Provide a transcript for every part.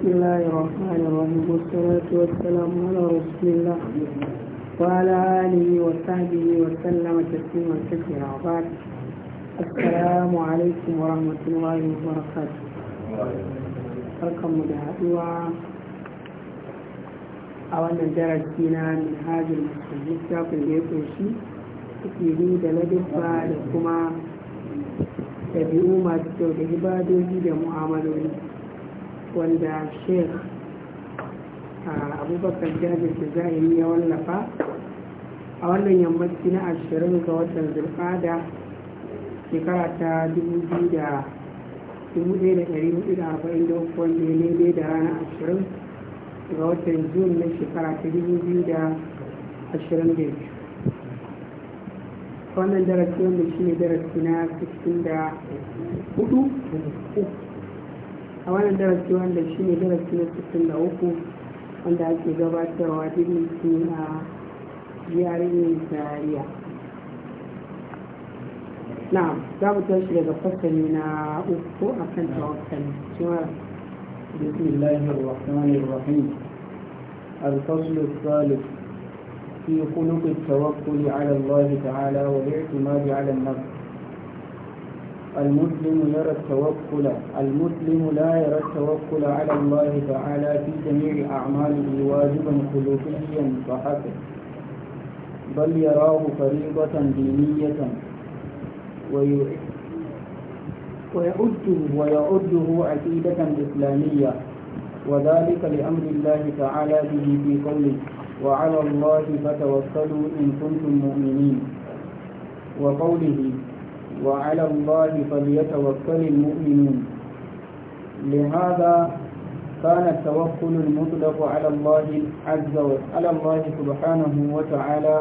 بسم الله الرحمن الرحيم والصلاة والسلام على رسول الله وعلى آله mu da haɗuwa a wannan darasi na minhajul musulmi da ya kunshi da ladubba da kuma ɗabi'u masu kyau da ibadoji da mu'amaloli wanda a abubakar jabir da za a yi ya wallafa a wannan yammaci na ashirin ga watan zirfada shekara ta 1443 wanda ya daidai da ranar ashirin ga watan jun na shekara ta 2022 wannan darasi wanda shi ne darasi na 64 a wannan darasi wanda shi ne darasi na sittin da uku wanda ake gabatarwa dini suna a tariya na za mu tashi daga fasali na uku a kan tawakkali cewa بسم الله الرحمن الرحيم الفصل الثالث في خلق التوكل على الله تعالى والاعتماد على النفس المسلم يرى التوكل المسلم لا يرى التوكل على الله تعالى في جميع أعماله واجبا خلوقيا فحسب بل يراه فريضة دينية ويعده ويعده عقيدة إسلامية وذلك لأمر الله تعالى به في قوله وعلى الله فتوكلوا إن كنتم مؤمنين وقوله وعلى الله فليتوكل المؤمنون لهذا كان التوكل المطلق على الله عز وجل على الله سبحانه وتعالى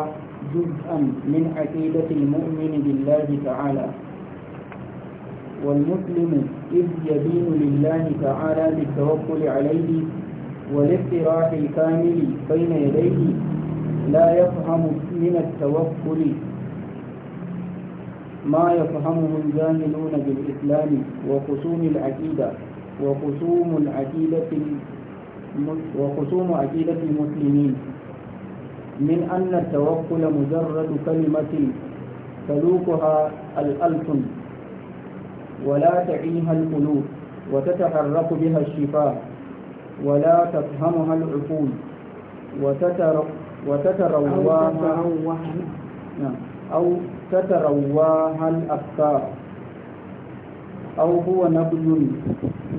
جزءا من عقيدة المؤمن بالله تعالى والمسلم إذ يدين لله تعالى بالتوكل عليه والاقتراح الكامل بين يديه لا يفهم من التوكل ما يفهمه الجاهلون بالإسلام وخصوم العقيدة وخصوم العقيدة وخصوم عقيدة المسلمين من أن التوكل مجرد كلمة تلوكها الألسن ولا تعيها القلوب وتتحرك بها الشفاه ولا تفهمها العقول وتتروى نعم أو تترواها الأفكار أو هو نبذ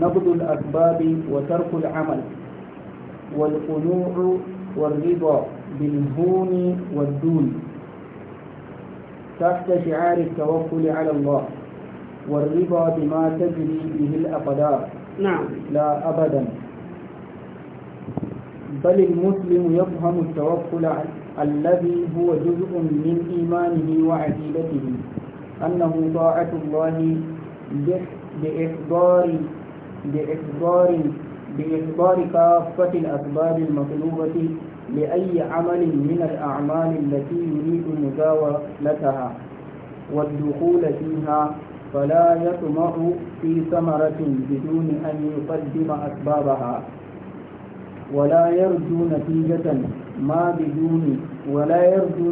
نبذ الأسباب وترك العمل والقنوع والرضا بالهون والدون تحت شعار التوكل على الله والرضا بما تجري به الأقدار نعم لا أبدا بل المسلم يفهم التوكل الذي هو جزء من إيمانه وعقيدته أنه طاعة الله بإحضار بإحضار بإحضار كافة الأسباب المطلوبة لأي عمل من الأعمال التي يريد مزاولتها والدخول فيها فلا يطمع في ثمرة بدون أن يقدم أسبابها ولا يرجو نتيجة ما بدون ولا يرجو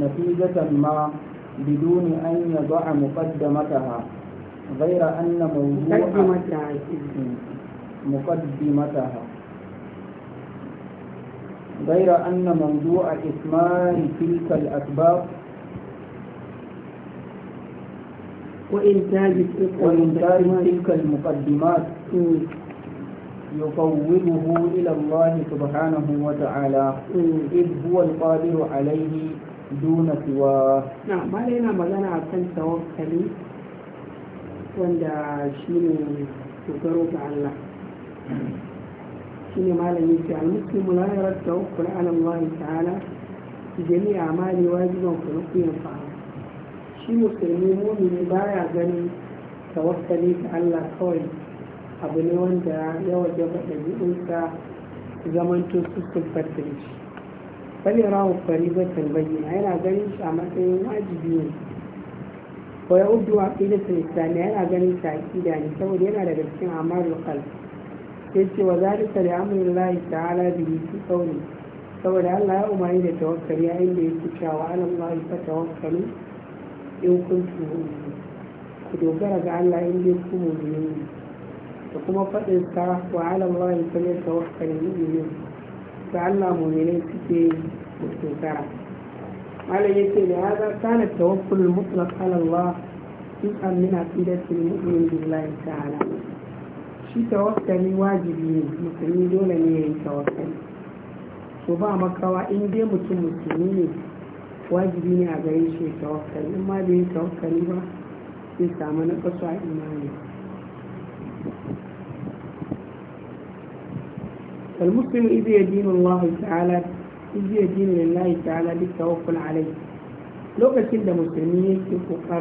نتيجة ما بدون أن يضع مقدمتها غير أن موضوع مقدمتها غير أن موضوع إثمان تلك الأسباب وإنتاج تلك المقدمات يفوضه إلى الله سبحانه وتعالى إذ هو القادر عليه دون سواه نعم ما مغانا كان توكلي wanda shi ne dogaro ga Allah shi ne malami ce al-muslimu la yarad tawakkul ala Allah ta'ala fi jami'i amali wajiban kullu fa shi musulmi mu'mini baya ganin tawakkali ta Allah kawai abu ne wanda ya waje ɗabi'unsa zamanto su tabbatar shi bali rahu faribatan bayyana yana ganin shi a matsayin wajibi ne ko ya uddu a ƙidatul islamiyya yana ganin shi a ƙida ne saboda yana daga cikin amarul qalb sai ce wa zalika da amurin lahi ta'ala bihi su qawli saboda Allah ya umarni da tawakkali a inda yake cewa ala Allah fa tawakkalu in kuntum ku dogara ga Allah in dai ku mu'minin da kuma faɗin ka wa alallahi kamar ta wakilin mu'minin ga Allah ne suke mutuntara malam yake da ya ga kana tawakkul mutlaq ala Allah juz'an min aqidatil mu'min billahi ta'ala shi tawakkali wajibi ne musulmi dole ne ya yi tawakkali to ba makawa in dai mutum mutumi ne wajibi ne a gare shi tawakkali in ma bai yi tawakkali ba zai samu na a imani فالمسلم إذ يدين الله تعالى إذ يدين لله تعالى بالتوكل عليه لو كنت مسلمين يكون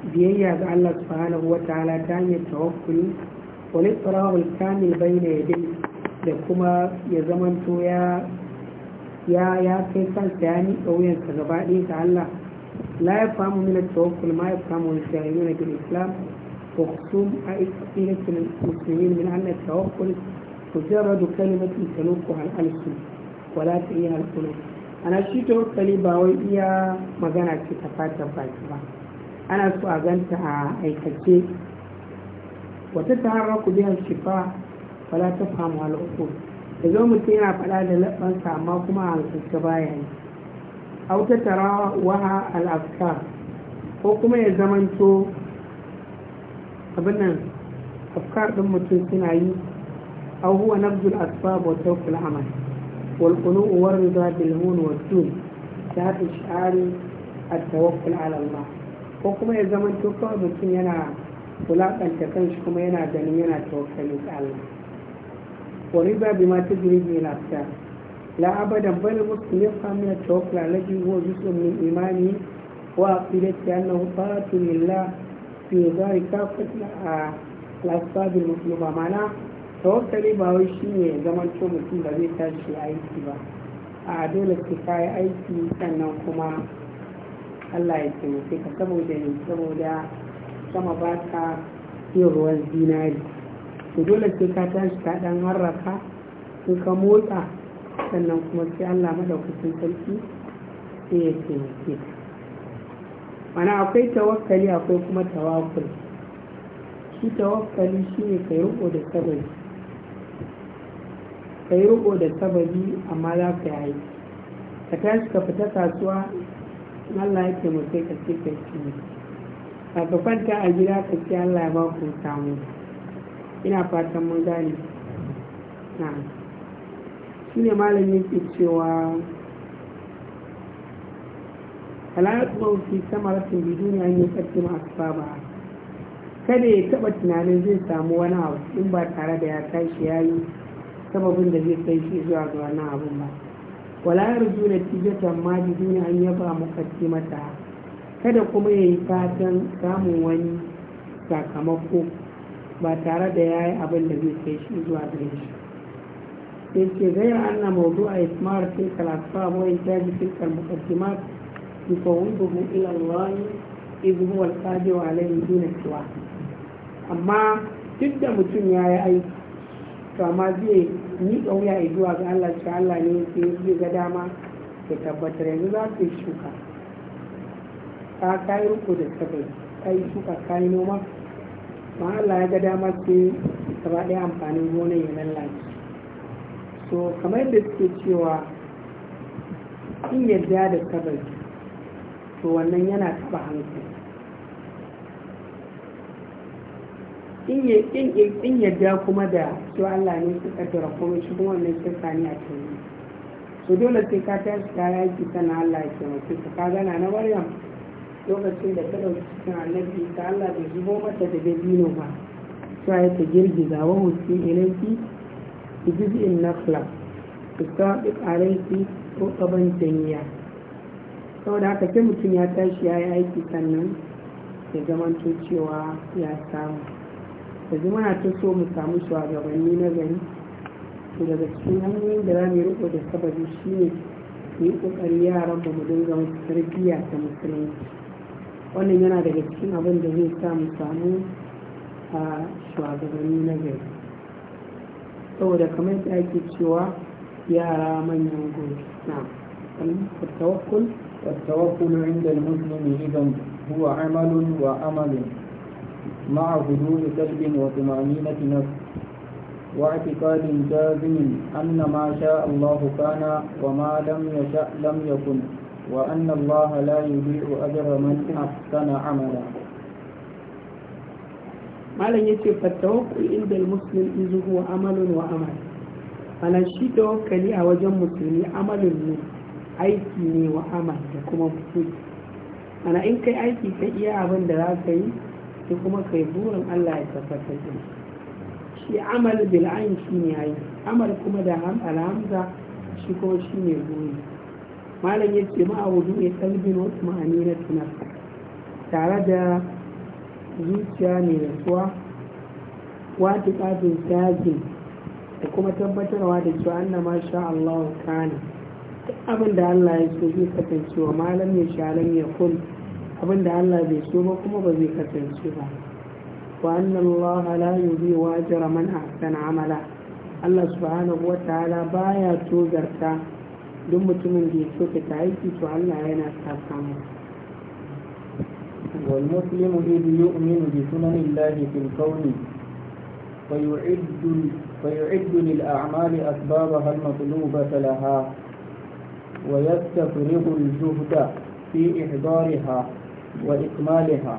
biyayya ga Allah subhanahu wa ta'ala ta hanyar tawakkuli wani tsirawar kamil bai na da kuma ya zamanto ya kai kansa ya ni ƙauyensa gaba ɗaya ga Allah la ya famu mina tawakkul mujarradu kalimatin talukku hal alsu wala ta iya alkulu ana shi tawakkali ba wai iya magana ce ta ba ana so a ganta a aikace wata taharraku bihan shifa wala ta famu al'ukul da zo mutum yana faɗa da laɓansa amma kuma a hankalta baya yi au ta tara al'afkar ko kuma ya zamanto abin nan afkar ɗin mutum suna yi أو هو نبذ الأسباب وترك العمل والقنوء والرضا بالهون والدون ta ishari a tawakkul ala ko kuma ya zama to mutum yana wulaƙanta kanshi kuma yana ganin yana tawakkali ga Allah wa riba bi ma tajri bi lafta la abadan bal muslim yafham min tawakkul alladhi huwa juz'un min imani wa aqidati annahu ta'atu lillah fi dhari kafat al-asbab al-mutlaba ma'ana tawakkali ba wai shi ne zaman to mutum ba zai tashi aiki ba a dole ka kayi aiki sannan kuma Allah ya taimake ka saboda ne saboda sama ba ka yin ruwan zinari to dole sai ka tashi ka dan harraka sai ka motsa sannan kuma sai Allah madaukakin sarki sai ya taimake ka mana akwai tawakkali akwai kuma tawakkul shi tawakkali shine kai riko da sabari ka yi riko da tabari amma za ka yi aiki ka tashi ka fita kasuwa Allah ya taimake ka ce ka ci ka ka kwanta a gida ka ce Allah ya ba ku samu ina fatan mun gane shi ne malam yake cewa ala yaqulu fi samaratin biduni an yuqaddima ba. kada ya taɓa tunanin zai samu wani abu in ba tare da ya tashi ya yi sababin da zai kai shi zuwa ga wannan abin ba wala yarju natijatan ma bi an yaba mata, kada kuma yayi fatan samun wani sakamako ba tare da yayi abin da zai kai shi zuwa ga shi sai ce zai anna a ismar tilka al-asfab wa intaj tilka al-muqaddimat yufawwiduhu ila Allah idh huwa al wa alayhi duna amma duk da mutum yayi aiki to amma zai Ni miƙa wuya zuwa ga Allah shi Allah ne ke yi ga dama ya tabbatar yanzu za ka yi shuka ka kayi ruku da sabai ka yi shuka ka yi noma ma Allah ya ga dama ce gaba ɗaya amfanin gona ya lafi so kamar yadda suke cewa in yadda da sabai to wannan yana taɓa hankali in yadda kuma da su Allah ne su kaddara kuma shi kuma wannan shirka sani a cikin so dole sai ka tashi ka yaki sana Allah ya mace ka ka gana na Maryam lokacin da ta dauki cikin annabi ta Allah bai zubo mata da dabino ba Su ya ta girgiza wa husi ilayki ijizi in nakhla ƙarai alayki ko ƙaban janiya saboda haka sai mutum ya tashi ya yi aiki sannan ya zamanto cewa ya samu yanzu muna ta so mu samu shugabanni na gari to daga cikin hanyoyin da za mu riko da sababi shine mu yi kokari yara ba mu dinga musu tarbiyya ta musulunci wannan yana daga cikin abin da zai sa mu samu a shugabanni na gari saboda kamar da ake cewa yara manyan gobe na التوكل والتوكل عند المسلم إذا هو عمل وعمل مع هدوء قلب وطمأنينة نفس واعتقاد جازم أن ما شاء الله كان وما لم يشأ لم يكن وأن الله لا يضيع أجر من أحسن عملا malam ya ce fattawakul inda muslim izu huwa amalun wa amal malam shi tawakkali a wajen musulmi amalin aiki ne wa kuma mutum in kai aiki ka iya da za ka yi sai kuma kai burin Allah ya tabbatar da shi amal bil ayn shi ne ayi amal kuma da ham alhamza shi kuma shi ne buri malam yace ma wudu ya kalbin wa na tunar tare da zuciya ne rasuwa wata ƙafin tajin da kuma tabbatarwa da cewa an na sha Allah kana abin da Allah ya so zai kasancewa malam ya sha ya kun abinda Allah bai so ba kuma ba zai kasance ba wa annan Allah la yubi wa ajra man ahsana amala Allah subhanahu wa ta'ala baya tozarta duk mutumin da ya kyautata aiki to Allah yana saka masa والمسلم إذ يؤمن بسنن الله في الكون فيعد فيعد للأعمال أسبابها المطلوبة لها ويستفرغ الجهد في إحضارها وإكمالها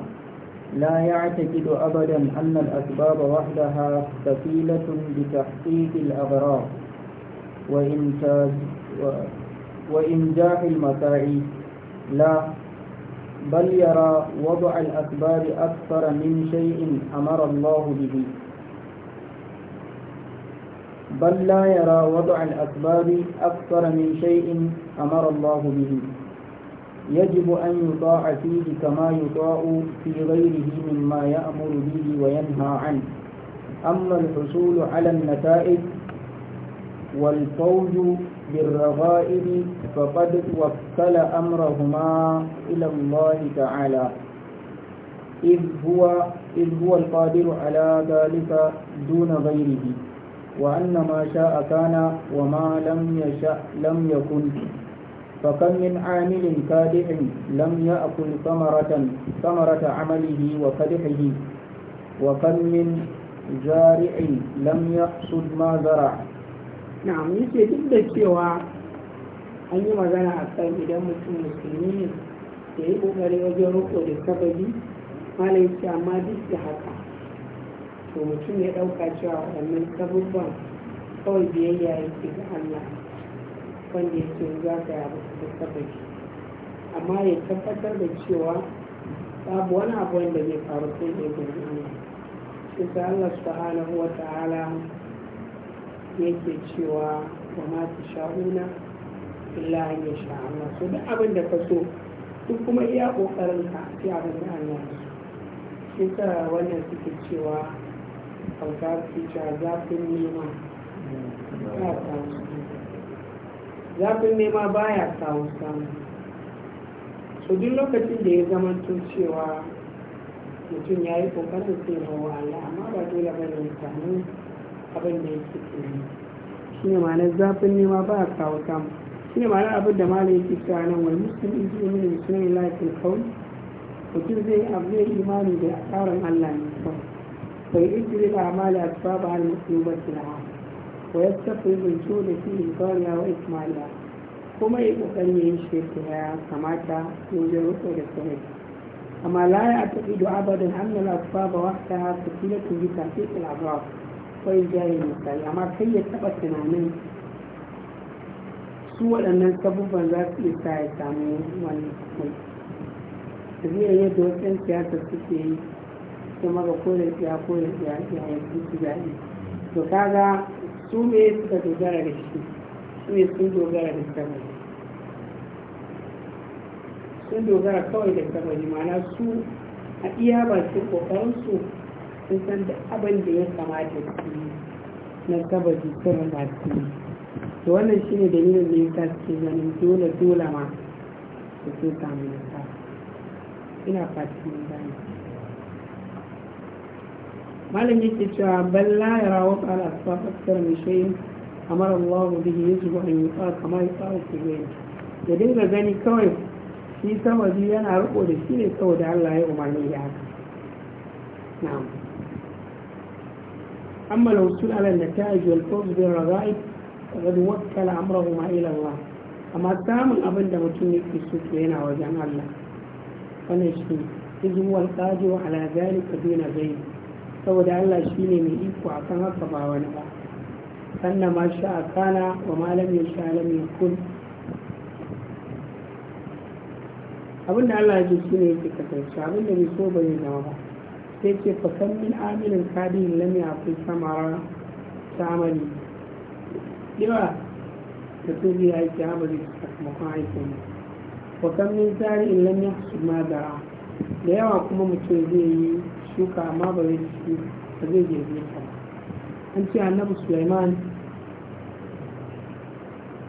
لا يعتقد أبدا أن الأسباب وحدها كفيلة بتحقيق الأغراض وإنجاح المساعي لا بل يرى وضع الأسباب أكثر من شيء أمر الله به بل لا يرى وضع الأسباب أكثر من شيء أمر الله به يجب أن يطاع فيه كما يطاع في غيره مما يأمر به وينهى عنه أما الحصول على النتائج والفوز بالرغائب فقد وكل أمرهما إلى الله تعالى إذ هو, إذ هو القادر على ذلك دون غيره وأن ما شاء كان وما لم يشأ لم يكن فكم من عامل كادح لم يأكل ثمرة ثمرة عمله وكدحه وكم من زارع لم يحصد ما زرع نعم yake duk da cewa an yi magana a kan idan mutum musulmi ne da yi kokari wajen roƙo da sababi malai amma duk da haka to mutum ya ɗauka cewa waɗannan sabubban kawai biyayya yake ga Allah wanda yake zagaya ba su tabbatar shi amma ya tabbatar da cewa babu wani abu wanda zai faru sai da izinin Allah shi ta Allah wa ta'ala yake cewa ba ma sha'una illa an yi Allah so duk abin da ka so duk kuma iya kokarin ka sai abin da an yi shi ta wannan suke cewa kautar fita zafin nema hmm. ya samu zafin nema baya kawo samu so duk lokacin da ya zama tun cewa mutum ya yi kokarin sai hawa Allah amma ba dole ba ne samu abin da ke tsoro shi ne ma'ana zafin nema ba a kawo samu shi ne ma'ana abin da malam yake cewa nan wani in ji mini musulmi lafiyar kawai mutum zai abu zai imani da tsarin Allah ne kawai bai ba da a tsaba al-muslimatin ha ويستفرد الجود فيه الغالية وإكمالها kuma ya kokarin yin shi ya kamata wajen riko da sahi amma la ya tafi da abadan an nala kuwa ba wata ha su fila tun yi tafi ilabawa kawai jaye misali amma kai ya taba tunanin su waɗannan sabubban za su iya sa ya samu wani hukum da zai yadda wasu 'yan siyasa suke yi kuma ga kore siya kore siya yayin su jaye to kaga su ne suka dogara da shi ne sun dogara da kawai da kabari mana su a iya bakin su sun san abin da ya kamata su na kabari su wannan shine dalilin da suke ganin dole dole ma su samu nasara ina fatan gani malam yake cewa balla ya rawa ala a akthar min shay'in amara Allah bihi yajibu an yuqa kama yuqa kubayl ya dinga gani kawai shi sama biyu yana riko da shi ne saboda Allah ya umarni da haka na'am amma lawsul ala nata'ij wal fawz bil raga'ib faqad wakkala amrahu ma ila Allah amma samun abin da mutum yake so to yana wajen Allah wannan shi izuwal qadiru ala zalika duna ghayri saboda Allah shi ne mai iko a kan haka ba wani ba sannan ma shi a kana wa malam ya sha alam ya kun abinda Allah ya ce shi ne yake kasance abinda da so ba zama ba sai ce fa san min amilin kadin lami a kai samara ta yawa da su zai aiki amali sakamakon aikin wa san min tsari in lami ya su ma da yawa kuma mutum zai yi shuka amma ba zai ci ba zai girbe ta an ce annabi Sulaiman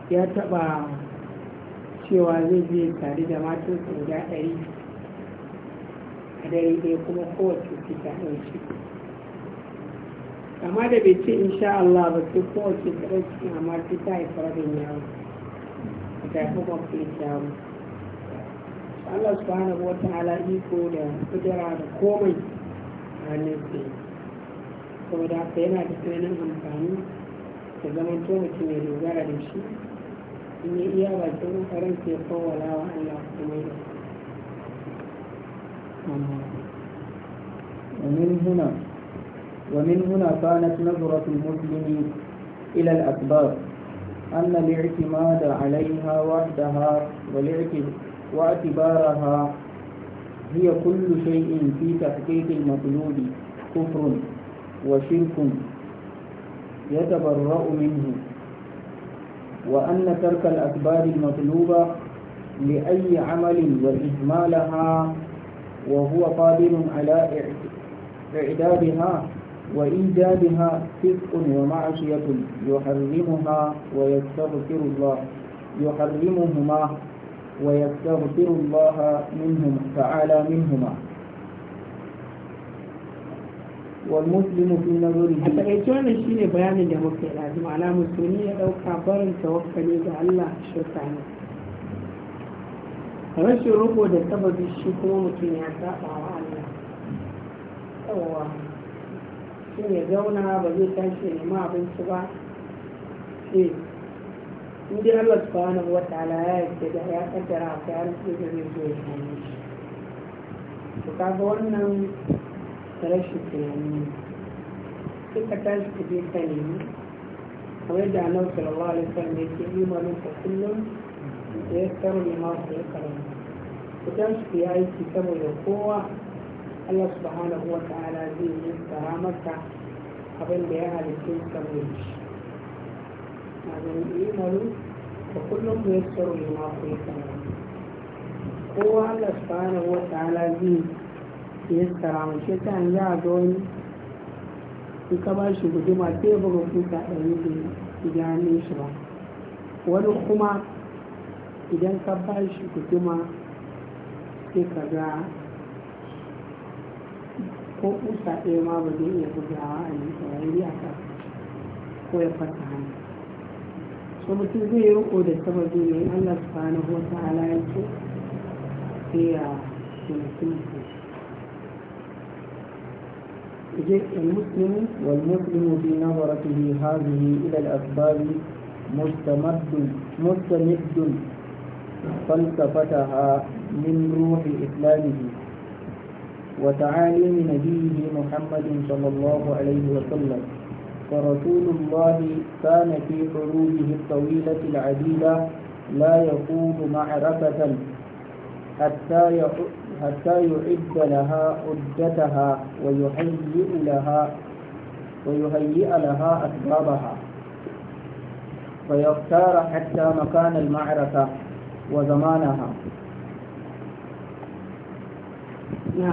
ya taɓa cewa zai je tare da matan guda ɗari a dare ɗaya kuma kowace fita ɗauki amma da bai ce insha Allah ba sai kowace ta ɗauki amma sai ta haifa rabin yawo ta haifa kwamfani yawo Allah su hana wa ta'ala iko da kudura da komai hannun tsaye saboda haka yana da tsananin amfani da zaman to mutum ya dogara da shi in yi iya bakin ƙoƙarin ke kowala wa Allah kuma yi ومن هنا ومن هنا كانت نظرة المسلم إلى الأسباب أن الاعتماد عليها وحدها واعتبارها هي كل شيء في تحقيق المطلوب كفر وشرك يتبرأ منه وأن ترك الأكبار المطلوبة لأي عمل وإهمالها وهو قادر على إعدادها وإيجادها صدق ومعصية يحرمها ويستغفر الله يحرمهما ويستغفر الله منهم تعالى منهما والمسلم في نظره حتى تقيتون شيء بيان الموكل لازم على مسلمي أو كبر توكل الى الله شكرا rashin riko da sababi shi kuma mutum الله saba wa Allah yawa shi ya zauna ba in dai Allah subhanahu wa ta'ala ya yarda da ya kaddara a kai arziki da zai zo ya same shi to kaga wannan rashin tunani ne sai ka tashi ka je ka nemi kamar da annabi sallallahu alaihi wasallam yake imanin ka kullum da ya tsaro ne ma ku ya karanta ku tashi ku yi aiki saboda kowa Allah subhanahu wa ta'ala zai yi tsara maka abin da ya halittu saboda shi kullum mu yassaru lima kulkana kowa Allah subhanahu wa ta'ala zai yassara mu shi ta yanzu a ga in ka ba shi guduma sai buga kuka ɗari da idanun shi ba wani kuma idan ka ba shi guduma ka ga ko kusa ɗaya ma ba zai iya bugawa a yi a ko ya hannu so mutum zai yi riko da sababi ne Allah subhanahu wa ta'ala ya ce sai ya mutum المسلم والمسلم في نظرته هذه إلى الأسباب مستمد مستمد فلسفتها من روح إسلامه وتعاليم نبيه محمد صلى الله عليه وسلم فرسول الله كان في حروبه الطويلة العديدة لا يقوم معركة حتى حتى يعد لها عدتها ويهيئ لها ويهيئ لها أسبابها فيختار حتى مكان المعركة وزمانها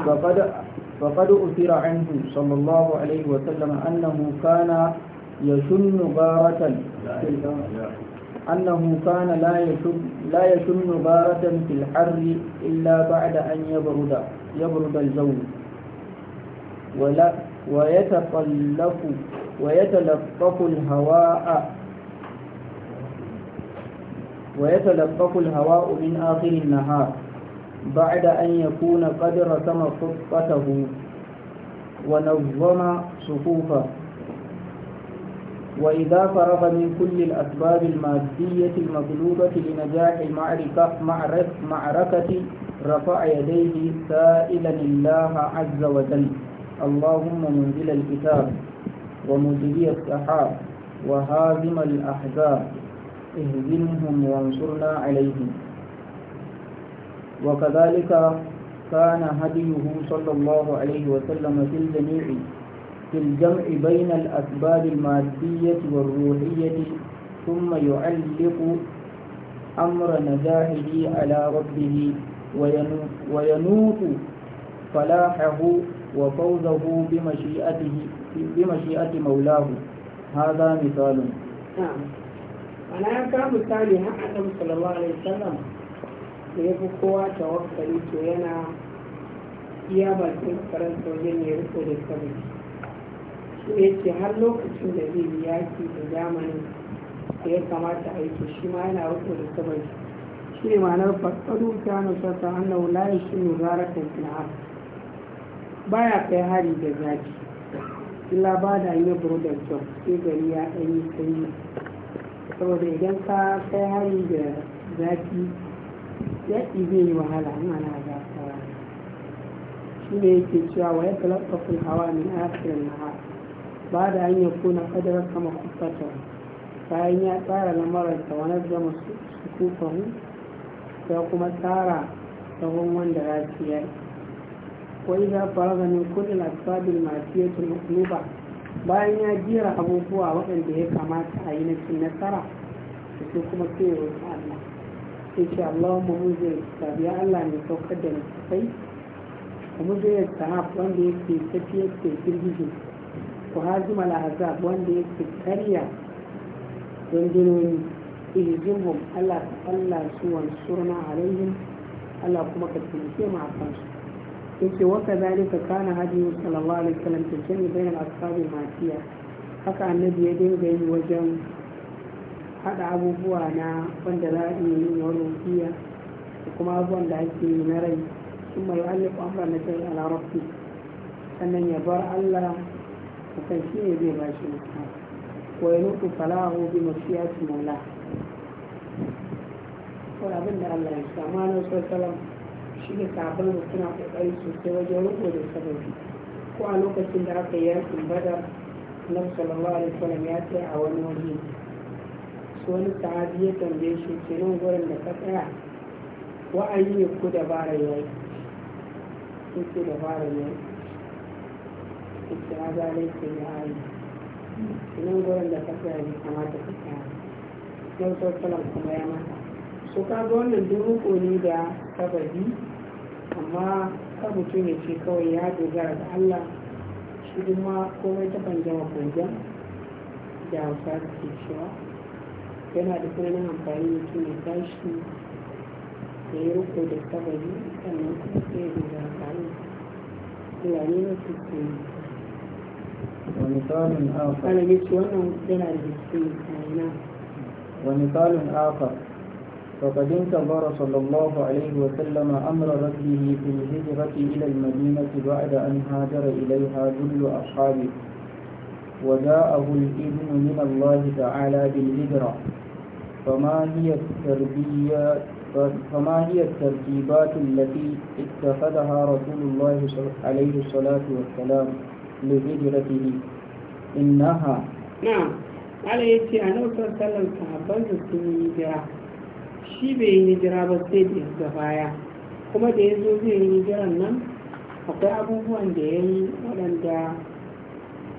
فقد نعم. وقد أثر عنه صلى الله عليه وسلم أنه كان يشن غارة أنه كان لا يشن لا يشن غارة في الحر إلا بعد أن يبرد يبرد الجو ولا ويتطلف ويتلطف الهواء ويتلطف الهواء من آخر النهار بعد أن يكون قد رسم خطته ونظم صفوفه وإذا فرغ من كل الأسباب المادية المطلوبة لنجاح المعركة معركة رفع يديه سائلا الله عز وجل اللهم منزل الكتاب ومجري السحاب وهازم الأحزاب اهزمهم وانصرنا عليهم وكذلك كان هديه صلى الله عليه وسلم في الجميع في الجمع بين الأسباب المادية والروحية ثم يعلق أمر نجاحه على ربه وينوط فلاحه وفوزه بمشيئته بمشيئة مولاه هذا مثال نعم أنا كان مثالي النبي صلى الله عليه وسلم da ya fi kowa tawakkali to yana iya bakin karanta wajen ya riko da sabbi shi ya ce har lokacin da zai yaki da zamanin da ya kamata aiki shi ma yana riko da sabbi shi ne ma'anar faɗaɗu ta nusarta annahu la yashinu zaratan fil ard baya kai hari da zaki illa ba da yi burudar kyau sai gari ya ɗanyi sanyi saboda idan ka kai hari da zaki yaƙi zai yi wahala in ana gasawa shi ne yake cewa wa ya talaka fil hawa min akhirin nahar ba da an yaku na kadarar kama kufata bayan ya tsara lamarin ta wani zama su kufahu ya kuma tsara tsawon wanda ya ci yaƙi wa fara faraga min kulli al-asbabil ma'siyatul bayan ya jera abubuwa waɗanda ya kamata a yi na cin nasara sai kuma sai ya Allah sai ce Allahumma mu sabi ya Allah ne saukar da littafai wa mujib sahab wanda yake tafiyar da girgije ku hazima al-ahzab wanda yake karya rundunoni ihzimhum Allah ta Allah su wansurna alaihim Allah kuma ka taimake mu akan su yake wa kadhalika kana hadiyu sallallahu alaihi wasallam tajani bainal ashabi matiya haka annabi ya dinga yi wajen haɗa abubuwa na wanda za a iya yin wani rufiya da kuma abubuwan da ake yi na rai sun mai alif amra na shari'a ala rafi sannan ya bar allah akan shi ne zai bashi mutum wa ya nufi falahu bi mashiyati maula wani abin da allah ya sa ma na sallam shi ne sabon da suna kokari sosai wajen riko da sababi ko a lokacin da aka yi yakin badar annabi sallallahu alaihi wasallam ya ce a wani waje wani sahabi ya tambaye shi ke nan gurin da ka tsaya wa'ayi ne ku dabara ya yi ko ce dabara ya yi ko ce a zalai ke ya yi ke nan gurin da ka tsaya ne kamata ka tsaya yau sau salam kuma ya mata so ka ga wannan duk ne da kabari amma ka mutum ya ce kawai ya dogara da Allah shi kuma komai ta kan jama kogin da hausa ke cewa yana da ومثال آخر أنا وأنا آخر فقد انتظر صلى الله عليه وسلم أمر ربه في الهجرة إلى المدينة بعد أن هاجر إليها جل أصحابه وجاءه الإذن من الله تعالى بالهجرة فما هي التربية فما هي الترتيبات التي اتخذها رسول الله عليه الصلاة والسلام لهجرته إنها نعم على يتي أنا وسلم صحابان سنين هجرة shi bai yi hijira ba sai da da baya kuma da ya zo zai yi hijiran nan akwai abubuwan da ya yi waɗanda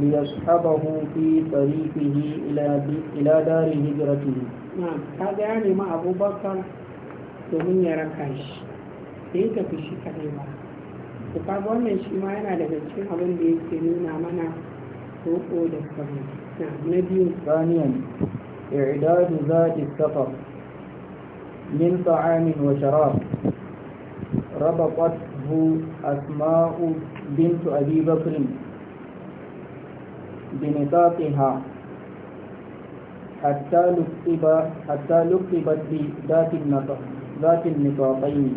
ليصحبه في طريقه إلى إلى دار هجرته نعم هذا يعني مع أبو بكر domin ya raka shi da ya tafi shi kadai ba to kaga shi ma yana daga cikin abin da yake nuna mana roƙo da sabu na biyu ثانيا إعداد ذات السفر من طعام وشراب ربطته أسماء بنت أبي بكر بنطاقها حتى لكتب حتى لكتبت بذات النطاق ذات النطاقين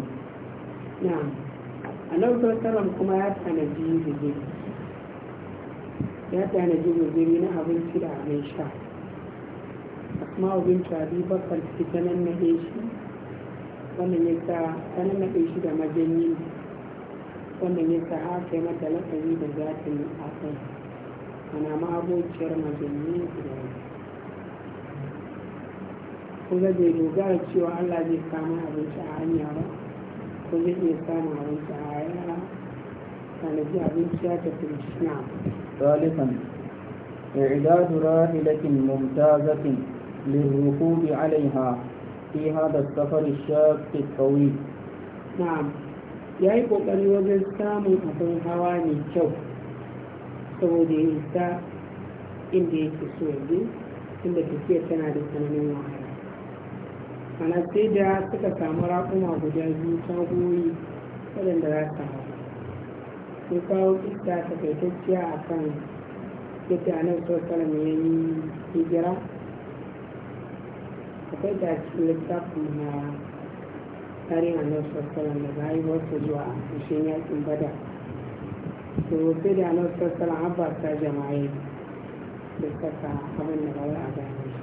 نعم أنا أقول لك أنا كما يأتي أنا جيء بذيء يأتي أنا جيء بذيء أنا أقول لك أنا إيشا أسمع أبين شعبيبا فالسكتنا نهيشي wannan ya sa sanar na shi da majanyi wannan ya sa haka yana da lafayi da zafin akai ana ma'abokiyar majalmi guda kuma bai dogara cewa allah zai samu abinci a hanya ba ko zai iya samun abinci a hanya kanaji abinci ya tafi shina ثالثا إعداد راحلة ممتازة للركوب عليها في هذا السفر الشاق الطويل نعم يا يبقى الوزن سامو أبو هواني شوف saboda ya isa inda yake so ya bi inda tafiya tana da tsananin wahala ana sai da suka samu raƙuma guda biyu tagoyi waɗanda za su hau sai kawo kista takaitacciya a kan yadda a nan sosai mai yi hijira akwai ta cikin littafin na tarihin nan sosai da za a yi wasu zuwa a yakin bada surutai da anar ta habbata jama'ai da saka abin da kawai a gane shi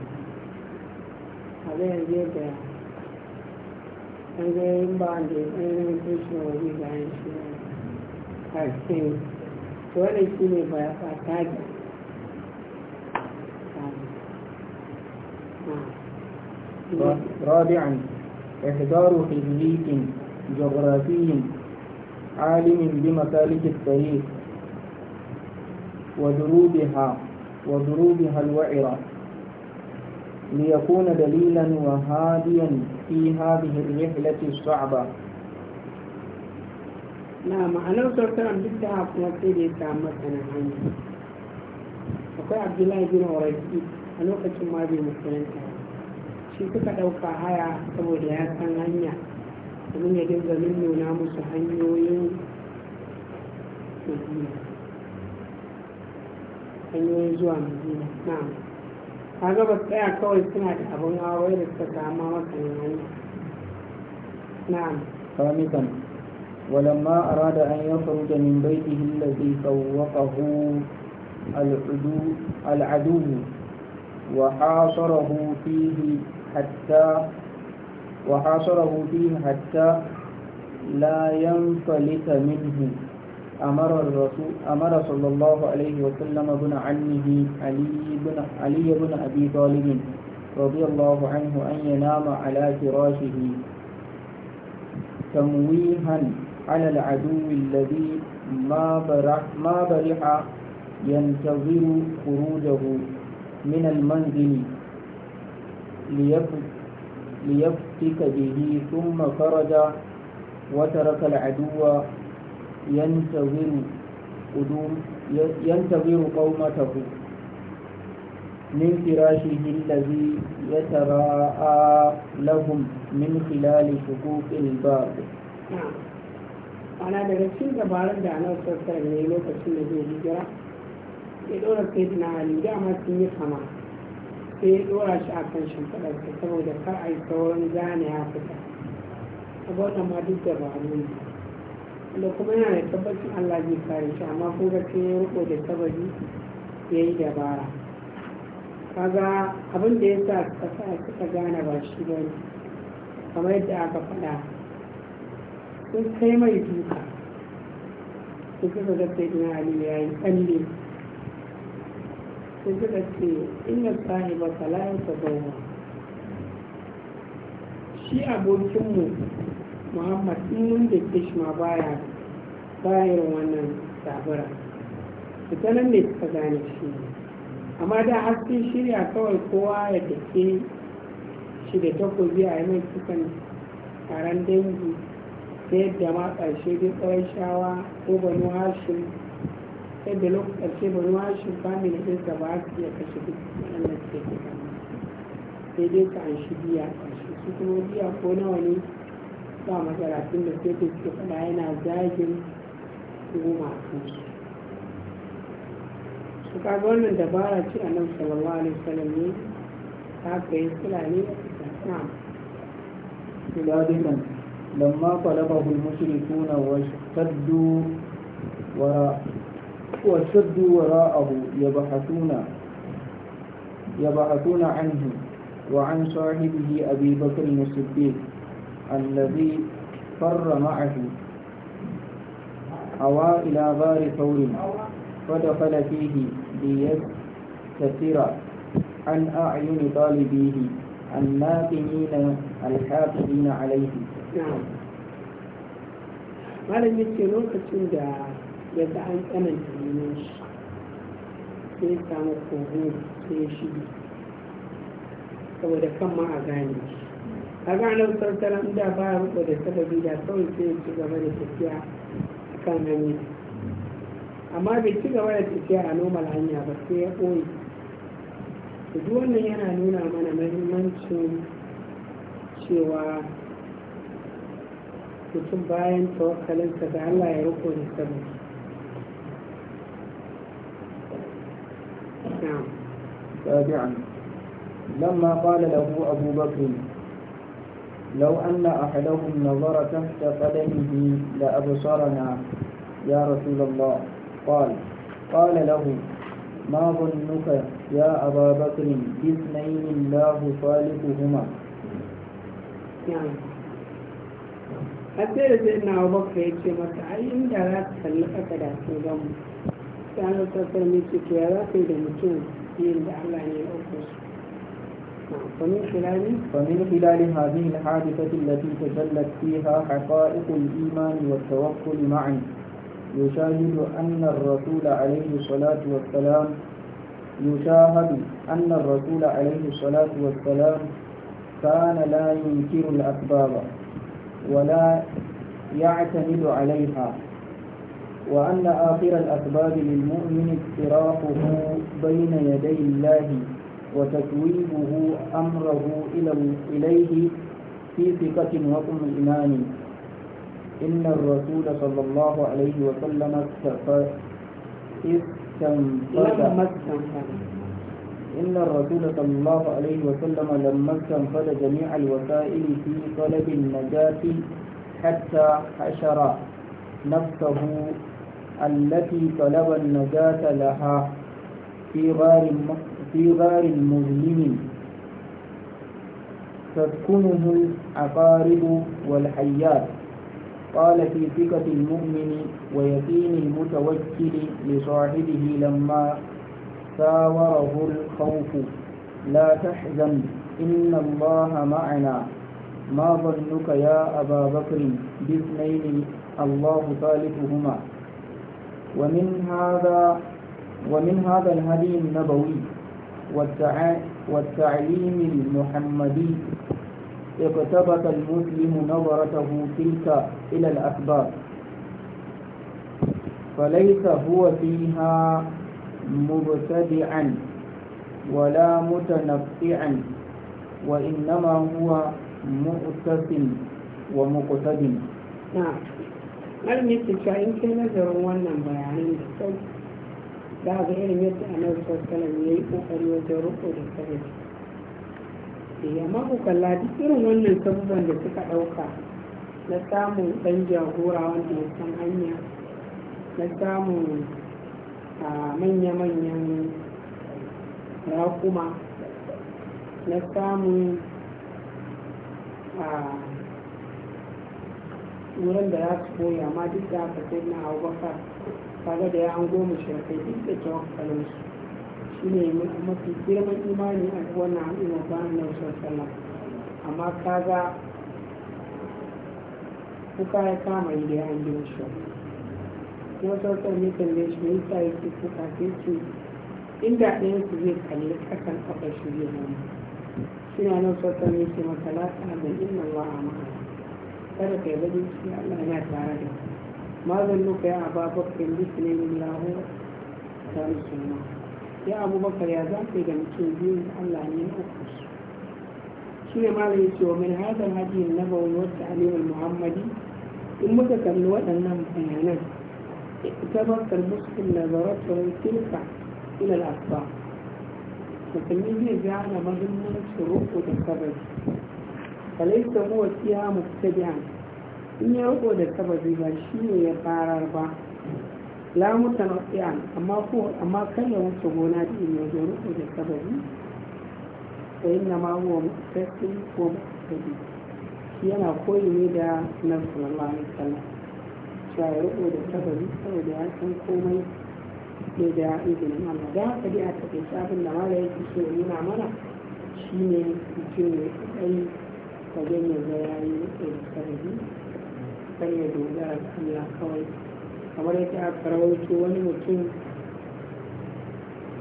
a zai yanzu da an zai yin ba wanda ya shi ne ya رابعا إحضار جغرافي عالم بمسالك الطريق ودروبها ودروبها الوعرة ليكون دليلا وهاديا في هذه الرحلة الصعبة نعم أنا وصلت عن جدة أفناتي لتعمل أنا عني أقول عبد الله بن وريسي أنا وقت ما بي مسلمتها shi suka ɗauka haya saboda ya san hanya ومن يجب منه نعم صحيح أيوة. أيوة، نعم آه، يعني. نعم ولما أراد أن يخرج من بيته الذي فوقه العدو وحاصره فيه حتى وحاصره فيه حتى لا ينفلت منه أمر الرسول أمر صلى الله عليه وسلم بن عمه علي بن علي بن أبي طالب رضي الله عنه أن ينام على فراشه تمويها على العدو الذي ما برح ما برح ينتظر خروجه من المنزل ليفتك به ثم خرج وترك العدو ينتظر قدوم ينتظر قومته من فراشه الذي يتراءى لهم من خلال شقوق الباب ana daga cikin dabarun da ana sassar ne lokacin da zai hijira ya ɗora sai na sun yi sai ya dora shi a kan ta saboda kar a yi sauran zane ya fita bauta ma duk da ba ne da kuma yana da tabbacin allah zai kare shi amma kun ga sai ya riko da tabari ya yi dabara kaga abin da ya sa a suka gane ba shi ba ne kamar yadda aka faɗa sun kai mai duka sun suka ga sai ina Aliyu ya yi tsalle sai suka ce inna sahiba kalayan sabawa shi abokinmu muhammad in mun da kishma baya bayan wannan sabura ita nan ne suka gane shi amma da hasken shirya kawai kowa ya dake shi da takobi a yi cikin taron dangi ta yadda ma ƙarshe dai tsawon shawa ko banu hashin sai da lokacin ƙarshe ba ruwa shi fami na ɗinsa ba su iya kashe duk wannan suke kuka sai dai ka an shi biya ƙarshe su kuma biya ko nawa ne ba matsala tun da sai ke suke faɗa yana zagin goma a kansu su kaga wannan dabara ce a nan sallallahu alaihi wasallam ne ta kai sula ne na'am ladin lamma qalaba al mushrikuna wa shtaddu wa وشدوا وراءه يبحثون يبحثون عنه وعن صاحبه أبي بكر الصديق الذي فر معه أوى إلى غار ثور فدخل فيه ليستتر عن أعين طالبيه الناقمين الحاقدين عليه نعم. Malamin ce lokacin yadda an tsananta neman shi sai ya samu kogo sai ya shi saboda kan ma a gane shi a ganar sarsaran da ba ya rubuta da sababi da kawai sai ya ci gaba da tafiya a kan hanya amma bai ci gaba da tafiya a normal hanya ba sai ya ɓoye duk wannan yana nuna mana mahimmancin cewa mutum bayan tawakkalinsa da Allah ya riko da سابعا لما قال له أبو بكر لو أن أحدهم نظر تحت قدمه لأبصرنا يا رسول الله قال قال له ما ظنك يا أبا بكر باثنين الله صالحهما نعم har sai da sai na bakar ya ce mata ai inda za ta kalli kasa da su gan mu يعني نعم، خلال فمن خلال هذه الحادثة التي تجلت فيها حقائق الإيمان والتوكل معا يشاهد أن الرسول عليه الصلاة والسلام يشاهد أن الرسول عليه الصلاة والسلام كان لا ينكر الأسباب ولا يعتمد عليها وأن آخر الأسباب للمؤمن اقترافه بين يدي الله وتتويبه أمره إليه في ثقة إيمان إن الرسول صلى الله عليه وسلم استنفذ إن الرسول صلى الله عليه وسلم لما استنفذ جميع الوسائل في طلب النجاة حتى حشر نفسه التي طلب النجاة لها في غار في غار مظلم تسكنه العقارب والحيات قال في ثقة المؤمن ويقين المتوكل لصاحبه لما ساوره الخوف لا تحزن إن الله معنا ما ظنك يا أبا بكر باثنين الله ثالثهما ومن هذا ومن هذا الهدي النبوي والتعليم المحمدي اقتبس المسلم نظرته تلك إلى الأسباب فليس هو فيها مبتدعا ولا متنفعا وإنما هو مؤتس ومقتد نعم malami ke cewa in kai nazarin wannan bayanan da kyau za ga irin yadda annabi sallallahu ya yi kokari wajen roƙo da sarari eh amma ku kalla duk irin wannan sabuban da suka ɗauka na samun ɗan jagora wanda ya san hanya na samun manya-manyan raƙuma na samun wurin da za su koya ma duk da aka sai na abubakar kaga da ya an goma shirkai duk da tawakkalin su shi ne mafi girman imani a wannan al'umma ba shi sallam amma kaga kuka ya kama yi da ya an gina shi kuma sautar ne da shi ne ta yi kuka ke ce inda ɗayan su zai kalli kasan kafa shi zai hannu shi na nan sautar ne ke makalata da inna wa'a kada ka yi bakin shi, Allah ya tare da ma zannu ka ya ababakar bisnin lahu ta musulma ya abubakar ya za ka yi da mutum biyu Allah ne ya uku shi ne malam ya ce wa min hadar hadiyin nabawi wata muhammadi in muka kalli waɗannan bayanan تذكر مسلم نظرته تلك إلى الأطباء وتلميذ جعل مجموعة شروط وتكبر falaita huwa fiha mubtadi'an in ya riko da sababi ba shi ne ya farar ba la mutanaqi'an amma ko amma kan ya wuce gona da in ya riko da sababi fa inna ma huwa muttaqi ko muttaqi yana koyi ne da nabi sallallahu alaihi wasallam cewa ya riko da sababi saboda ya san komai ne da izinin Allah da haka dai a taƙaice abin da mala yake so nuna mana shine mutum ya kai wajen ya ga ya yi rike da sarari ya dogara Allah kawai kamar yadda aka wani mutum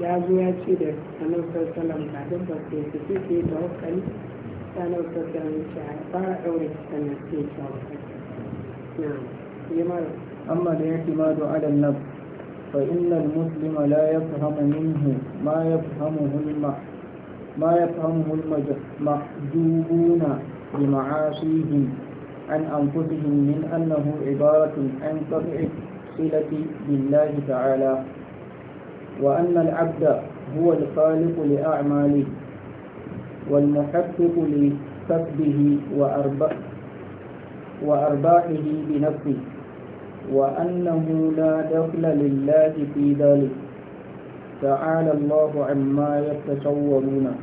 ya zo ya ce da annabi sallallahu ga ba sai ta ce ke da sanar ya fara daure sannan na amma da yake ma do فإن المسلم لا يفهم منه ما يفهمه ما يفهمه المحجوبون بمعاشيهم عن أنفسهم من أنه عبارة عن طبع الصلة بالله تعالى وأن العبد هو الخالق لأعماله والمحقق لكسبه وأرباحه بنفسه وأنه لا دخل لله في ذلك تعالى الله عما يتصورون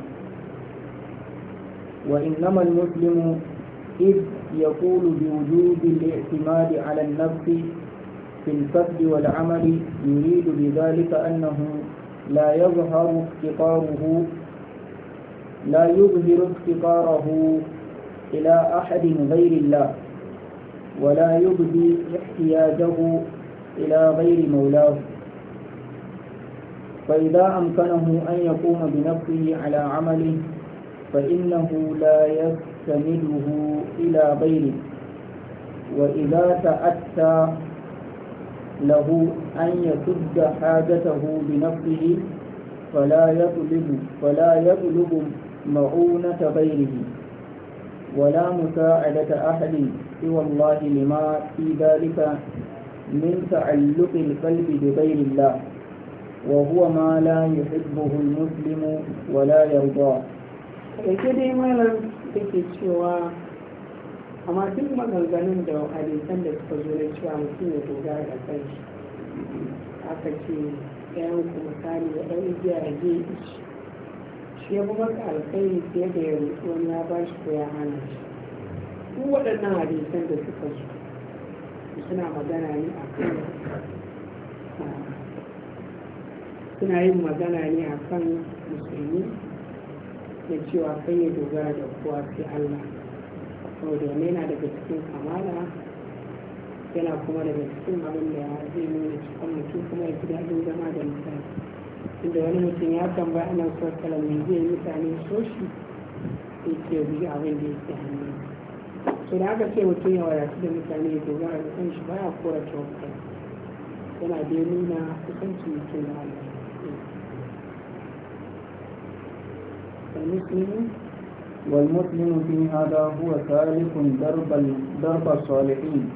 وإنما المسلم إذ يقول بوجود الاعتماد على النفس في الكسب والعمل يريد بذلك أنه لا يظهر افتقاره لا يظهر افتقاره إلى أحد غير الله ولا يبدي احتياجه إلى غير مولاه فإذا أمكنه أن يقوم بنفسه على عمله فإنه لا يستمده إلى غيره وإذا تأتى له أن يسد حاجته بنفسه فلا يطلب فلا يطلب معونة غيره ولا مساعدة أحد سوى الله لما في ذلك من تعلق القلب بغير الله وهو ما لا يحبه المسلم ولا يرضاه ƙarshe dai malar take cewa amma duk maganganun da hadisan da suka zo na cewa mutum ya dogara da kai aka ce ɗayan ku misali ya ɗan igiya ya je ishi shi ya kuma ka alkhairi fiye da ya rutu wani ya ba shi ko ya hana shi duk waɗannan hadisan da suka zo suna magana ne a kan suna yin magana ne a kan musulmi da cewa kai ya dogara da kowa sai Allah saboda wani yana daga cikin kamala yana kuma daga cikin abin da zai nuna cikin mutum kuma ya fi daɗin zama da mutane inda wani mutum ya tambaya ana so kalan me zai mutane so shi sai ke bi abin da yake hannu to da aka ce mutum ya wadatu da mutane ya dogara da kanshi baya kora tawakkal yana dai nuna kusanci mutum da Allah المسلم والمسلم في هذا هو سالك درب درب الصالحين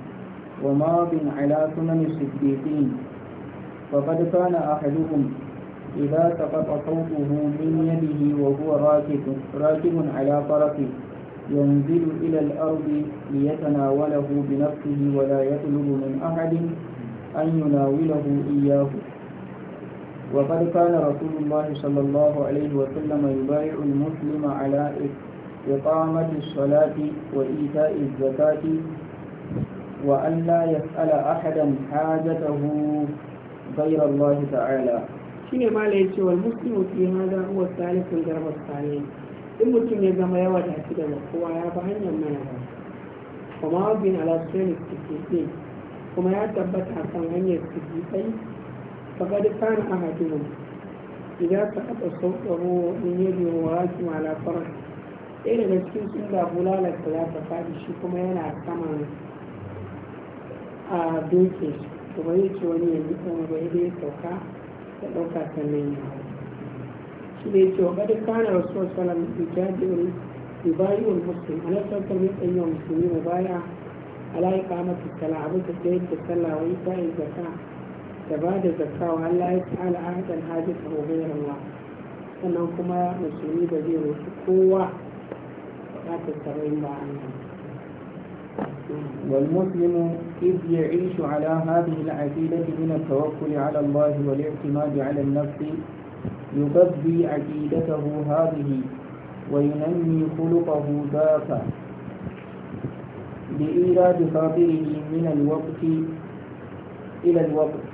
وماض على سنن الصديقين فقد كان أحدهم إذا سقط صوته من يده وهو راكب راكب على فرسه ينزل إلى الأرض ليتناوله بنفسه ولا يطلب من أحد أن يناوله إياه وقد كان رسول الله صلى الله عليه وسلم يبايع المسلم على إقامة الصلاة وإيتاء الزكاة وأن لا يسأل أحدا حاجته غير الله تعالى shine ma la yace wal muslimu fi hada huwa salifu garba salih in mutum ya zama yawa da shi ya ba hanyar kuma ya tabbata kan hanyar sifai فقد كان أحدهم إذا سقط صوته من يده وهاجم على فرس ɗaya daga cikin sun da bulalarsa za ta shi kuma yana saman a doke shi to ba zai ce wani yanzu kuma ba ya sauka da ɗauka sannan ya hau shi da yake wa ƙadar kana rasuwar salam ijajirin yubayiwar muslim a nasar ta mai tsayyar musulmi mu baya alaika mafi sala abin da ta yadda sallah wani ta'in zaka da ba da zakka wa Allah ya ta'ala ahadan hajjata wa ghayr Allah sannan kuma musulmi ba والمسلم إذ يعيش على هذه العقيدة من التوكل على الله والاعتماد على النفس يغذي عقيدته هذه وينمي خلقه ذاك بإيراد خاطره من الوقت إلى الوقت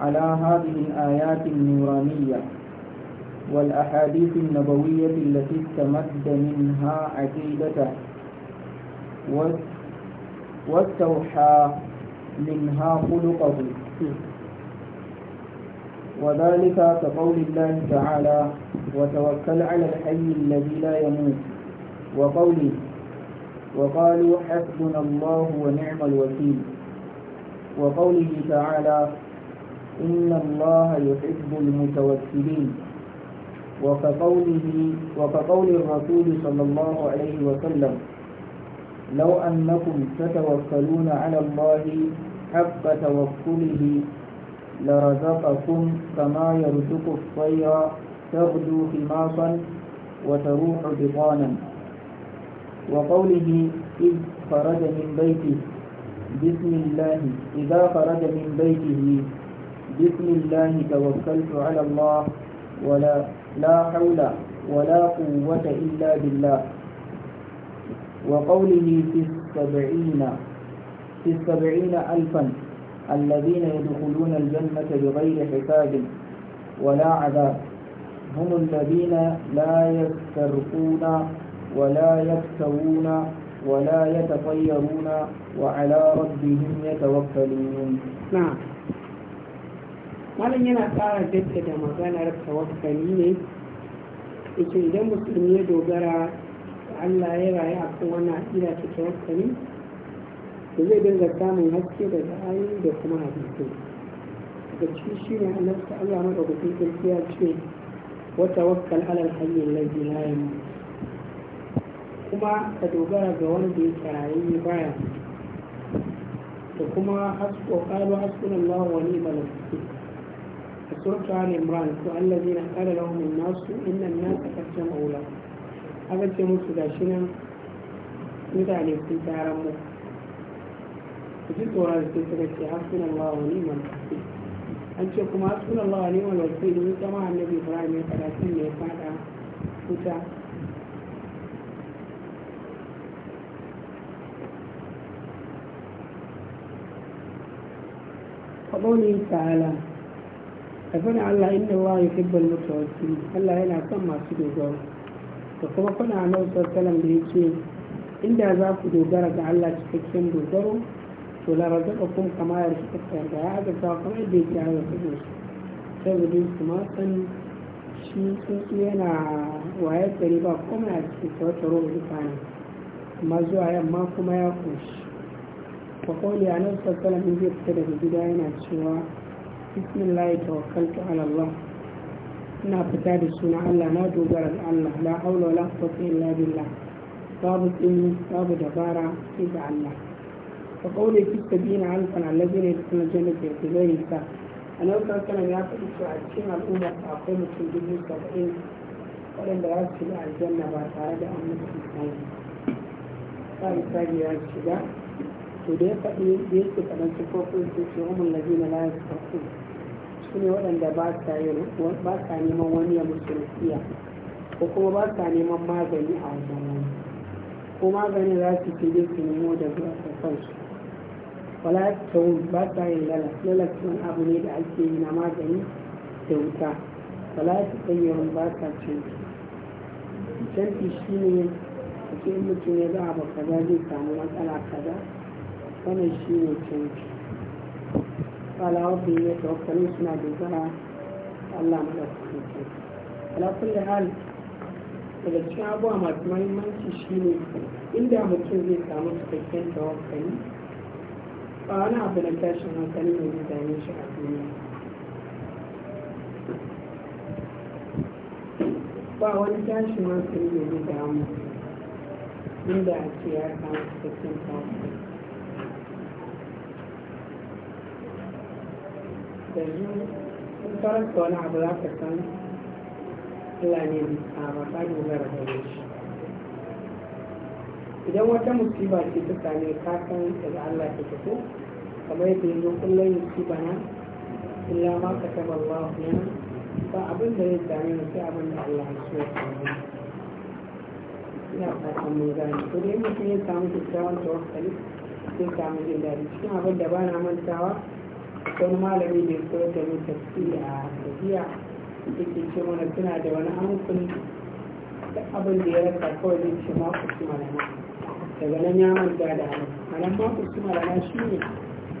على هذه الآيات النورانية والأحاديث النبوية التي استمد منها عقيدته واستوحى منها خلقه وذلك كقول الله تعالى وتوكل على الحي الذي لا يموت وقوله وقالوا حسبنا الله ونعم الوكيل وقوله تعالى إن الله يحب المتوكلين وكقوله وكقول الرسول صلى الله عليه وسلم لو أنكم تتوكلون على الله حق توكله لرزقكم كما يرزق الطير تغدو خماصا وتروح بطانا وقوله إذ خرج من بيته بسم الله إذا خرج من بيته بسم الله توكلت على الله ولا لا حول ولا قوة إلا بالله وقوله في السبعين في السبعين ألفا الذين يدخلون الجنة بغير حساب ولا عذاب هم الذين لا يسترقون ولا يكتوون ولا يتطيرون وعلى ربهم يتوكلون نعم malam yana tsara jaddada maganar tawakkali ne yake idan musulmi ya dogara da allah ya raye a kan wannan aƙida ta tawakkali da zai dinga samun haske da ayoyi da kuma hadisai da cikin shi ne annabi ta allah madaukakin sarki ya ce wa tawakkal alal hayyin ladhi layin kuma ka dogara ga wanda ya karayi baya da kuma hasbo qalu hasbunallahu wa ni'mal wakeel سورة آل عمران سؤال الذين قال لهم الناس إن الناس قد جمعوا له هذا الجمع سداشنا مثال في تارم وجدت وراء سيدتي حسن الله نعم أنتكم أسكن الله عليم الوكيل كما النبي إبراهيم قال أسكن يفعل فتا فقوله تعالى da Allah inda Allah ya kibbal mutawakkil Allah yana son masu dogaro da kuma fana Allah sallallahu da yake inda za ku dogara ga Allah cikakken dogaro to la razaqakum kama yarzuqu da ya ga kuma da yake ya zuwa saboda kuma san shi tsuntsu yana waye gari ba kuma a cikin tautaro da tsani amma zuwa yamma kuma ya kunshi fa kawai a nan sallallahu alaihi zai fita daga gida yana cewa بسم الله توكلت على الله انا فتاد السنة الله ما دوبر الله لا حول ولا قوة الا بالله باب الدين باب دبارة كيف الله فقولي في السبيل عنك عن الذين يدخلون الجنة بغير الله أنا أقول كان أنا إشعاع كما أنا أقوم في أنا سبعين ولم أنا إشعاع الجنة أنا هذا أمر أنا الدنيا. قال أنا يا شباب to da ya faɗi da yake faɗan sifofin su ce umar lazina la ya sifofin su ne waɗanda ba sa yin ba sa neman wani ya musu rufiya ko kuma ba sa neman magani a wajen wani ko magani za su ce dai su nemo da zuwa da kansu wala ta ba sa yin lalas lalas wani abu ne da ake yi na magani da wuta wala ta tsayyarun ba sa canji canji shi ne a cikin mutum ya za a ba zai samu matsala kaza wani shi ne canji falawafin ya tsawakalin suna dogara allah mana kusurci alakun da hal daga cikin abuwa masu mahimmanci shi ne inda mutum zai samu cikakken tawakkali ba wani abu na tashin hankali mai zai dame shi a duniya ba wani tashin hankali mai zai damu inda a ce ya samu cikakken tawakkali yanzu in karanta wani abu za ka san Allah ne a maka dogara da shi idan wata musiba ce ta same ka san daga Allah ta fito kamar yadda yanzu kullum musiba na illa ma ka taba Allah na ba abin da ya same mu sai abin da Allah ya so ya same ina fatan mun gane ko dai mutum ya samu kyakkyawan tawakkali sai samu jin daɗi cikin abin da ba na mantawa wani malami da ya koyar da ni tafsiri a tafiya ke ce mana suna da wani hankali da abin da ya rasa kawai zai ce ma ku ci malama daga nan ya manta da hannu malam ma ku ci malama shi ne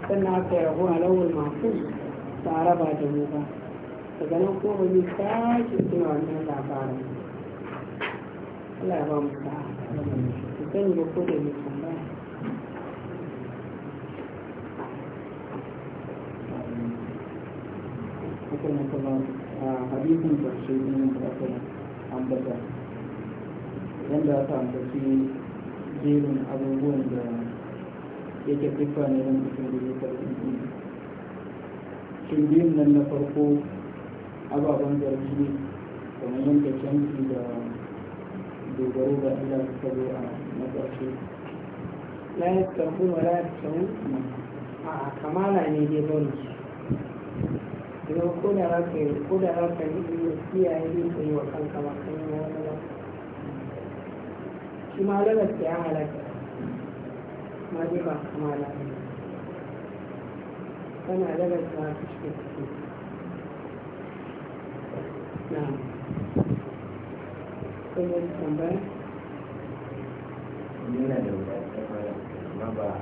sannan aka yi rahu a lawul mafi ba a raba da mu ba daga nan ko ba zai sake tuna wannan labarin Allah ya ba mu sa'a. sani ba ko da mutum. kuma kuma hadisin karshe ne da aka ambata wanda aka ambaci jerin abubuwan da yake siffa ne don mutum da ya karfi shin biyun nan na farko ababen zargi ne kamar yadda canji da dogaro ga Allah suka zo na ƙarshe la ya kamala ne idan ko da za yi ko da za ka yi iya kiyaye zai ka yi wa kanka ma kan yi wani ba shi ma lalas ya halaka ma dai ba kuma da kana lalas ba ka shi na kuma yi tambaya yana da ba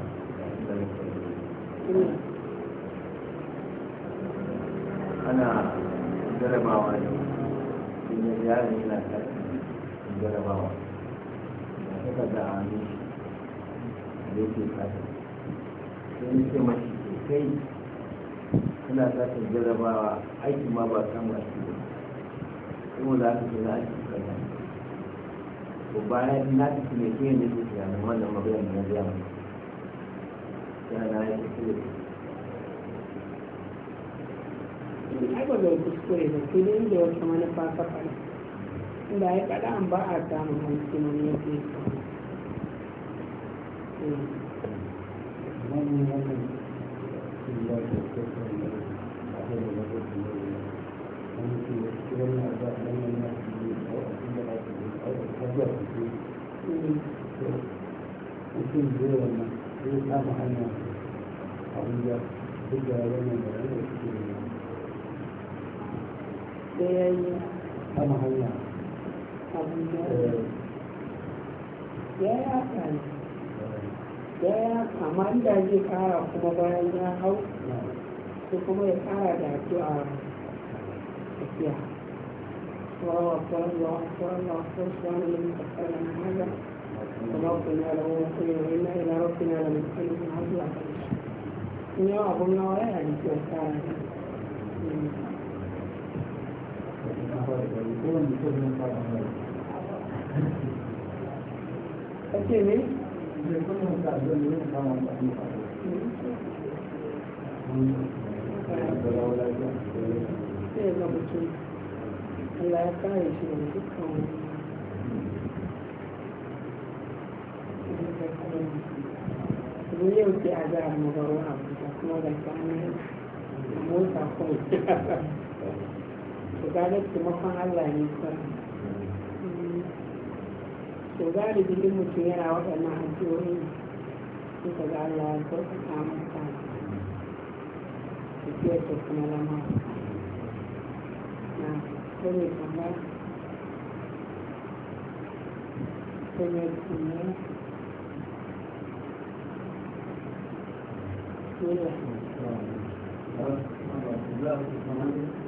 ana jarabawa ne ya yi yana tafi jarabawa da suka da hannu da yake kasa sai ni ce mashi kai kana tafi jarabawa aiki ma ba samu aiki ba za haka ke za a ci kaza ko bayan na tafi ne ke yanzu ke tunanin wannan maganar da na gaya mai yana ya ta da ai ba zai kuskure ba sai dai inda wata manufa ka faɗa inda ai faɗa an ba a samun hanci wani ya fi mutum zai wannan zai kama hanyar abuja da da ya ya kama inda zai kara kuma bayan ya hau ko kuma ya kara da ake a tafiya tsawawa tsawawa tsawawa tsawawa na lalata tsawawa na haɗa kuma ku na da wani kuma yawai na yi larar kuna da mai kuma yawan abun nawa ya yi a jikin tsawawa Ake ne? Sai ga a jihar mu mota to gane taimakon Allah ne kawai to gane bilin mutum yana waɗannan addu'o'i sai ga Allah ya sauƙaƙa masa tafiyar ta kuma lama na kome tambaya kome tambaya Thank you.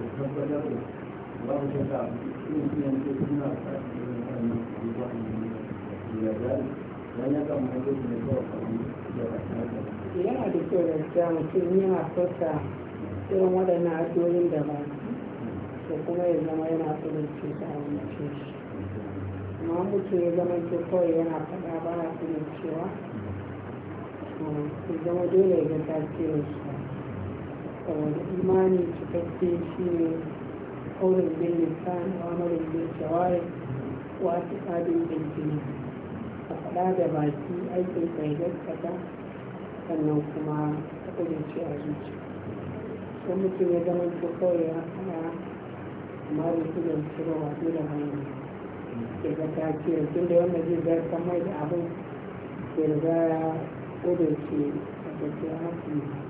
yana da kyau da ja mutum yana fasa irin waɗannan addu'o'in da ba to kuma ya zama yana kudin cuta a mutum shi amma mutum ya zama ke kawai yana fada ba a kudin cewa to ya zama dole ya ga tasirin shi saboda imani cikakke shi ne kaurin bin lisan wa marin bin shawari wa tikadin bin jini a faɗa da baki aikin kai gaskata sannan kuma ka kudurce a zuci ko mutum ya zama ko kawai ya faɗa amma da kudin cirowa da hanyar ke ga ta ce tun da wanda zai zarta mai da abin ke za ya kudurce a gaskiya hankali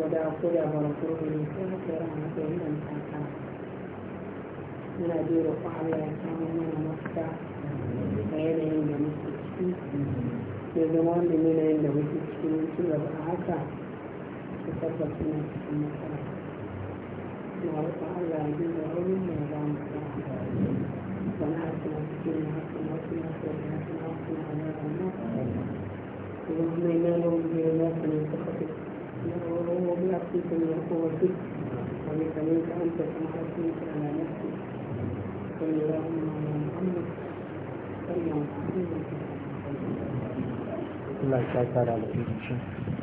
sau da ko da ba ko ne ko haka ya rahama ta wannan kaka ina je da ko Allah ya samu mana mafita a yanayin da muke ciki ya zama wanda yanayin da muke ciki mun ci gaba a ta tabbata na cikin matsala na roƙon Allah ya dinga raunin da ba mu ta wani hakuna cikin hakuna hakuna hakuna hakuna hakuna hakuna hakuna hakuna hakuna hakuna hakuna hakuna hakuna وهو بنفسك من قوتك ومن منك أنت كما أثنيت على نفسك صلى الله على محمد صلى الله عليه وسلم الله يسعدك على خير إن شاء الله